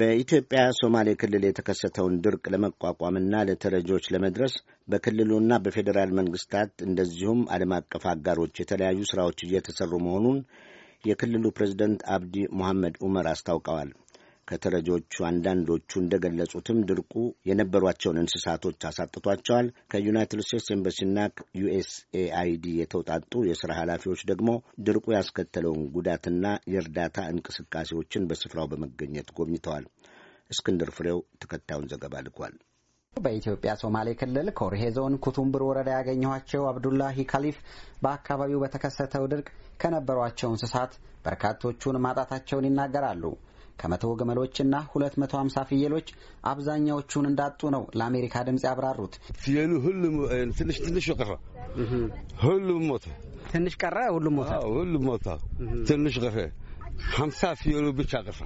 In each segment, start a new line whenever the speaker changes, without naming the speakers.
በኢትዮጵያ ሶማሌ ክልል የተከሰተውን ድርቅ ለመቋቋምና ለተረጂዎች ለመድረስ በክልሉና በፌዴራል መንግስታት እንደዚሁም ዓለም አቀፍ አጋሮች የተለያዩ ሥራዎች እየተሠሩ መሆኑን የክልሉ ፕሬዚደንት አብዲ ሙሐመድ ዑመር አስታውቀዋል። ከተረጂዎቹ አንዳንዶቹ እንደገለጹትም ድርቁ የነበሯቸውን እንስሳቶች አሳጥቷቸዋል። ከዩናይትድ ስቴትስ ኤምባሲና ዩኤስኤአይዲ የተውጣጡ የሥራ ኃላፊዎች ደግሞ ድርቁ ያስከተለውን ጉዳትና የእርዳታ እንቅስቃሴዎችን በስፍራው በመገኘት ጎብኝተዋል። እስክንድር ፍሬው ተከታዩን ዘገባ ልኳል።
በኢትዮጵያ ሶማሌ ክልል ኮርሄ ዞን ኩቱምብር ወረዳ ያገኘኋቸው አብዱላሂ ካሊፍ በአካባቢው በተከሰተው ድርቅ ከነበሯቸው እንስሳት በርካቶቹን ማጣታቸውን ይናገራሉ። ከመቶ ግመሎችና 250 ፍየሎች አብዛኛዎቹን እንዳጡ ነው ለአሜሪካ ድምፅ ያብራሩት። ፍየሉ
ሁሉም ትንሽ ትንሽ ቀረ፣ ሁሉም ሞተ። ትንሽ ቀረ፣ ሁሉም ሞተ፣ ሁሉም ሞተ፣ ትንሽ ቀረ። ሀምሳ ፍየሉ ብቻ ቀረ።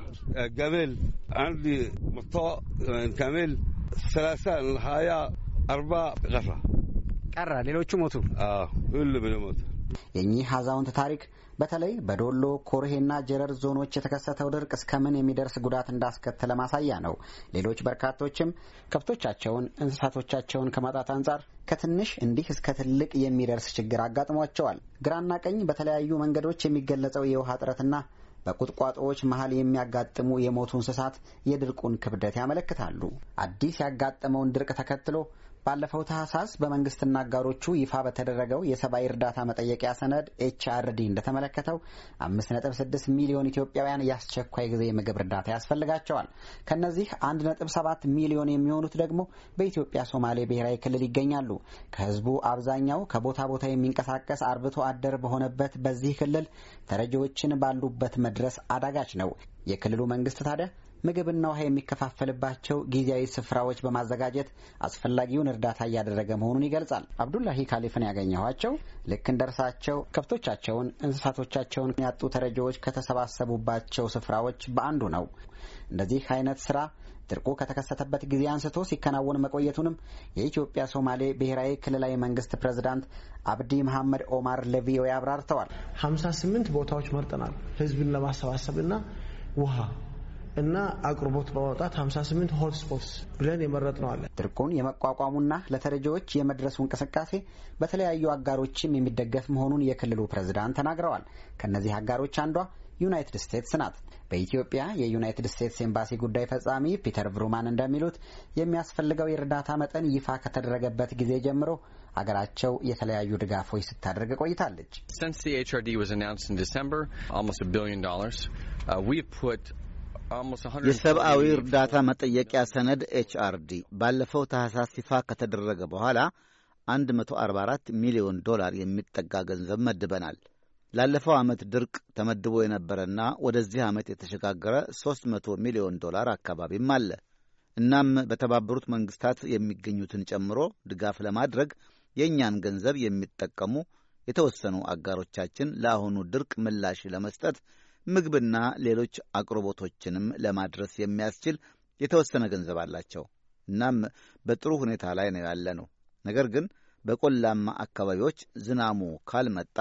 ገመል አንድ መቶ ከመል ሰላሳ ሀያ አርባ ቀረ
ቀረ፣ ሌሎቹ ሞቱ፣ ሁሉም ሞቱ። የእኚህ አዛውንት ታሪክ በተለይ በዶሎ ኮርሄና ጀረር ዞኖች የተከሰተው ድርቅ እስከምን የሚደርስ ጉዳት እንዳስከተለ ማሳያ ነው። ሌሎች በርካቶችም ከብቶቻቸውን፣ እንስሳቶቻቸውን ከማጣት አንጻር ከትንሽ እንዲህ እስከ ትልቅ የሚደርስ ችግር አጋጥሟቸዋል። ግራና ቀኝ በተለያዩ መንገዶች የሚገለጸው የውሃ እጥረትና በቁጥቋጦዎች መሀል የሚያጋጥሙ የሞቱ እንስሳት የድርቁን ክብደት ያመለክታሉ። አዲስ ያጋጠመውን ድርቅ ተከትሎ ባለፈው ታህሳስ በመንግስትና አጋሮቹ ይፋ በተደረገው የሰብአዊ እርዳታ መጠየቂያ ሰነድ ኤችአርዲ እንደተመለከተው 5.6 ሚሊዮን ኢትዮጵያውያን የአስቸኳይ ጊዜ የምግብ እርዳታ ያስፈልጋቸዋል። ከእነዚህ 1.7 ሚሊዮን የሚሆኑት ደግሞ በኢትዮጵያ ሶማሌ ብሔራዊ ክልል ይገኛሉ። ከህዝቡ አብዛኛው ከቦታ ቦታ የሚንቀሳቀስ አርብቶ አደር በሆነበት በዚህ ክልል ተረጂዎችን ባሉበት መድረስ አዳጋች ነው። የክልሉ መንግስት ታዲያ ምግብና ውሃ የሚከፋፈልባቸው ጊዜያዊ ስፍራዎች በማዘጋጀት አስፈላጊውን እርዳታ እያደረገ መሆኑን ይገልጻል። አብዱላሂ ካሊፍን ያገኘኋቸው ልክ እንደርሳቸው ከብቶቻቸውን፣ እንስሳቶቻቸውን ያጡ ተረጂዎች ከተሰባሰቡባቸው ስፍራዎች በአንዱ ነው። እንደዚህ አይነት ስራ ድርቁ ከተከሰተበት ጊዜ አንስቶ ሲከናወን መቆየቱንም የኢትዮጵያ ሶማሌ ብሔራዊ ክልላዊ መንግስት ፕሬዝዳንት አብዲ መሐመድ ኦማር ለቪኦኤ አብራርተዋል። ሀምሳ ስምንት ቦታዎች መርጠናል ህዝብን ለማሰባሰብና ውሃ እና አቅርቦት በማውጣት 58 ሆትስፖትስ ብለን ነው አለ። ድርቁን የመቋቋሙና ለተረጂዎች የመድረሱ እንቅስቃሴ በተለያዩ አጋሮችም የሚደገፍ መሆኑን የክልሉ ፕሬዝዳንት ተናግረዋል። ከእነዚህ አጋሮች አንዷ ዩናይትድ ስቴትስ ናት። በኢትዮጵያ የዩናይትድ ስቴትስ ኤምባሲ ጉዳይ ፈጻሚ ፒተር ቭሩማን እንደሚሉት የሚያስፈልገው የእርዳታ መጠን ይፋ ከተደረገበት ጊዜ ጀምሮ አገራቸው የተለያዩ ድጋፎች ስታደርግ ቆይታለች። የሰብአዊ
እርዳታ መጠየቂያ ሰነድ ኤችአርዲ ባለፈው ታህሳስ ይፋ ከተደረገ በኋላ 144 ሚሊዮን ዶላር የሚጠጋ ገንዘብ መድበናል። ላለፈው ዓመት ድርቅ ተመድቦ የነበረና ወደዚህ ዓመት የተሸጋገረ 300 ሚሊዮን ዶላር አካባቢም አለ። እናም በተባበሩት መንግሥታት የሚገኙትን ጨምሮ ድጋፍ ለማድረግ የእኛን ገንዘብ የሚጠቀሙ የተወሰኑ አጋሮቻችን ለአሁኑ ድርቅ ምላሽ ለመስጠት ምግብና ሌሎች አቅርቦቶችንም ለማድረስ የሚያስችል የተወሰነ ገንዘብ አላቸው። እናም በጥሩ ሁኔታ ላይ ነው ያለ ነው። ነገር ግን በቆላማ አካባቢዎች ዝናሙ ካልመጣ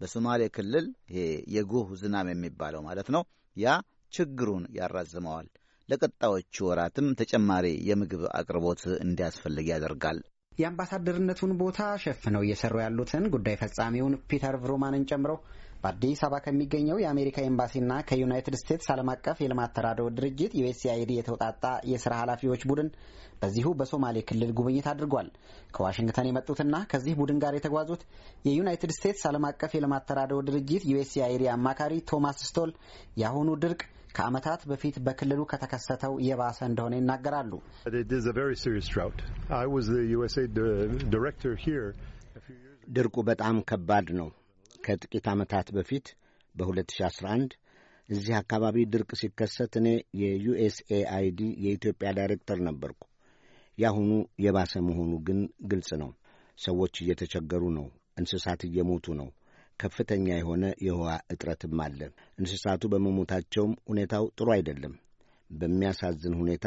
በሶማሌ ክልል ይሄ የጎህ ዝናም የሚባለው ማለት ነው፣ ያ ችግሩን ያራዝመዋል። ለቀጣዮቹ ወራትም ተጨማሪ የምግብ አቅርቦት እንዲያስፈልግ ያደርጋል።
የአምባሳደርነቱን ቦታ ሸፍነው እየሰሩ ያሉትን ጉዳይ ፈጻሚውን ፒተር ቭሩማንን ጨምሮ በአዲስ አበባ ከሚገኘው የአሜሪካ ኤምባሲና ከዩናይትድ ስቴትስ ዓለም አቀፍ የልማት ተራድኦ ድርጅት ዩኤስአይዲ የተውጣጣ የስራ ኃላፊዎች ቡድን በዚሁ በሶማሌ ክልል ጉብኝት አድርጓል። ከዋሽንግተን የመጡትና ከዚህ ቡድን ጋር የተጓዙት የዩናይትድ ስቴትስ ዓለም አቀፍ የልማት ተራድኦ ድርጅት ዩኤስኤአይዲ አማካሪ ቶማስ ስቶል የአሁኑ ድርቅ ከዓመታት በፊት በክልሉ ከተከሰተው የባሰ እንደሆነ ይናገራሉ።
ድርቁ በጣም ከባድ ነው። ከጥቂት ዓመታት በፊት በ2011 እዚህ አካባቢ ድርቅ ሲከሰት እኔ የዩኤስኤአይዲ የኢትዮጵያ ዳይሬክተር ነበርኩ። የአሁኑ የባሰ መሆኑ ግን ግልጽ ነው። ሰዎች እየተቸገሩ ነው። እንስሳት እየሞቱ ነው። ከፍተኛ የሆነ የውሃ እጥረትም አለ። እንስሳቱ በመሞታቸውም ሁኔታው ጥሩ አይደለም። በሚያሳዝን ሁኔታ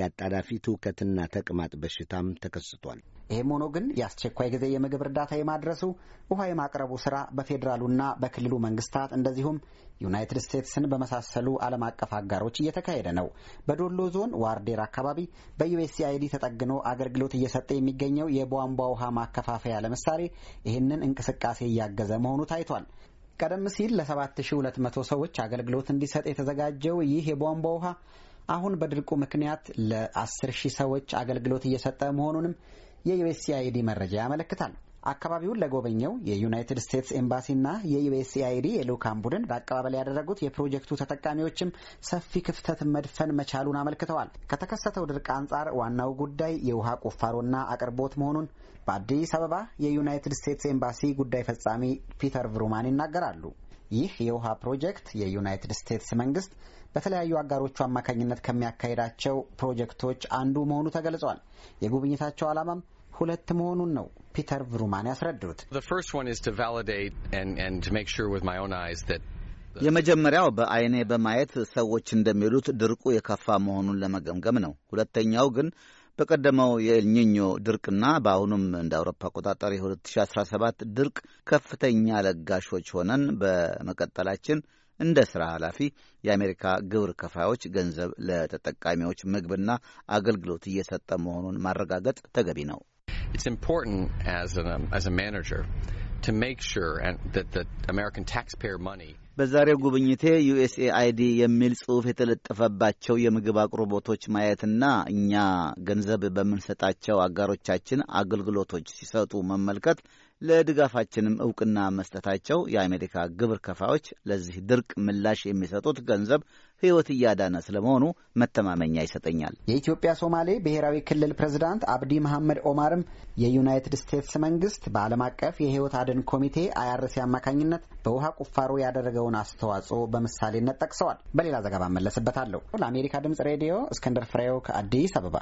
የአጣዳፊ ትውከትና ተቅማጥ በሽታም ተከስቷል።
ይህም ሆኖ ግን የአስቸኳይ ጊዜ የምግብ እርዳታ የማድረሱ ውሃ የማቅረቡ ስራ በፌዴራሉና በክልሉ መንግስታት እንደዚሁም ዩናይትድ ስቴትስን በመሳሰሉ ዓለም አቀፍ አጋሮች እየተካሄደ ነው። በዶሎ ዞን ዋርዴር አካባቢ በዩኤስኤአይዲ ተጠግኖ አገልግሎት እየሰጠ የሚገኘው የቧንቧ ውሃ ማከፋፈያ ለምሳሌ ይህንን እንቅስቃሴ እያገዘ መሆኑ ታይቷል። ቀደም ሲል ለ7200 ሰዎች አገልግሎት እንዲሰጥ የተዘጋጀው ይህ የቧንቧ ውሃ አሁን በድርቁ ምክንያት ለ10 ሰዎች አገልግሎት እየሰጠ መሆኑንም የዩኤስኤአይዲ መረጃ ያመለክታል። አካባቢውን ለጎበኘው የዩናይትድ ስቴትስ ኤምባሲና የዩኤስኤአይዲ የልዑካን ቡድን በአቀባበል ያደረጉት የፕሮጀክቱ ተጠቃሚዎችም ሰፊ ክፍተት መድፈን መቻሉን አመልክተዋል። ከተከሰተው ድርቅ አንጻር ዋናው ጉዳይ የውሃ ቁፋሮና አቅርቦት መሆኑን በአዲስ አበባ የዩናይትድ ስቴትስ ኤምባሲ ጉዳይ ፈጻሚ ፒተር ቭሩማን ይናገራሉ። ይህ የውሃ ፕሮጀክት የዩናይትድ ስቴትስ መንግስት በተለያዩ አጋሮቹ አማካኝነት ከሚያካሂዳቸው ፕሮጀክቶች አንዱ መሆኑ ተገልጿል። የጉብኝታቸው ዓላማም ሁለት መሆኑን ነው ፒተር ቭሩማን ያስረዱት።
የመጀመሪያው በአይኔ በማየት ሰዎች እንደሚሉት ድርቁ የከፋ መሆኑን ለመገምገም ነው። ሁለተኛው ግን በቀደመው የኤልኒኞ ድርቅና በአሁኑም እንደ አውሮፓ አቆጣጠር የ2017 ድርቅ ከፍተኛ ለጋሾች ሆነን በመቀጠላችን እንደ ስራ ኃላፊ የአሜሪካ ግብር ከፋዮች ገንዘብ ለተጠቃሚዎች ምግብና አገልግሎት እየሰጠ መሆኑን ማረጋገጥ ተገቢ ነው። በዛሬው ጉብኝቴ አይዲ የሚል ጽሑፍ የተለጠፈባቸው የምግብ አቅርቦቶች ማየትና እኛ ገንዘብ በምንሰጣቸው አጋሮቻችን አገልግሎቶች ሲሰጡ መመልከት ለድጋፋችንም እውቅና መስጠታቸው የአሜሪካ ግብር ከፋዮች ለዚህ ድርቅ ምላሽ የሚሰጡት ገንዘብ ሕይወት እያዳነ ስለመሆኑ መተማመኛ ይሰጠኛል።
የኢትዮጵያ ሶማሌ ብሔራዊ ክልል ፕሬዝዳንት አብዲ መሐመድ ኦማርም የዩናይትድ ስቴትስ መንግስት በዓለም አቀፍ የሕይወት አድን ኮሚቴ አይአርሲ አማካኝነት በውሃ ቁፋሮ ያደረገውን አስተዋጽኦ በምሳሌነት ጠቅሰዋል። በሌላ ዘገባ መለስበታለሁ። ለአሜሪካ ድምጽ ሬዲዮ እስክንድር ፍሬው ከአዲስ አበባ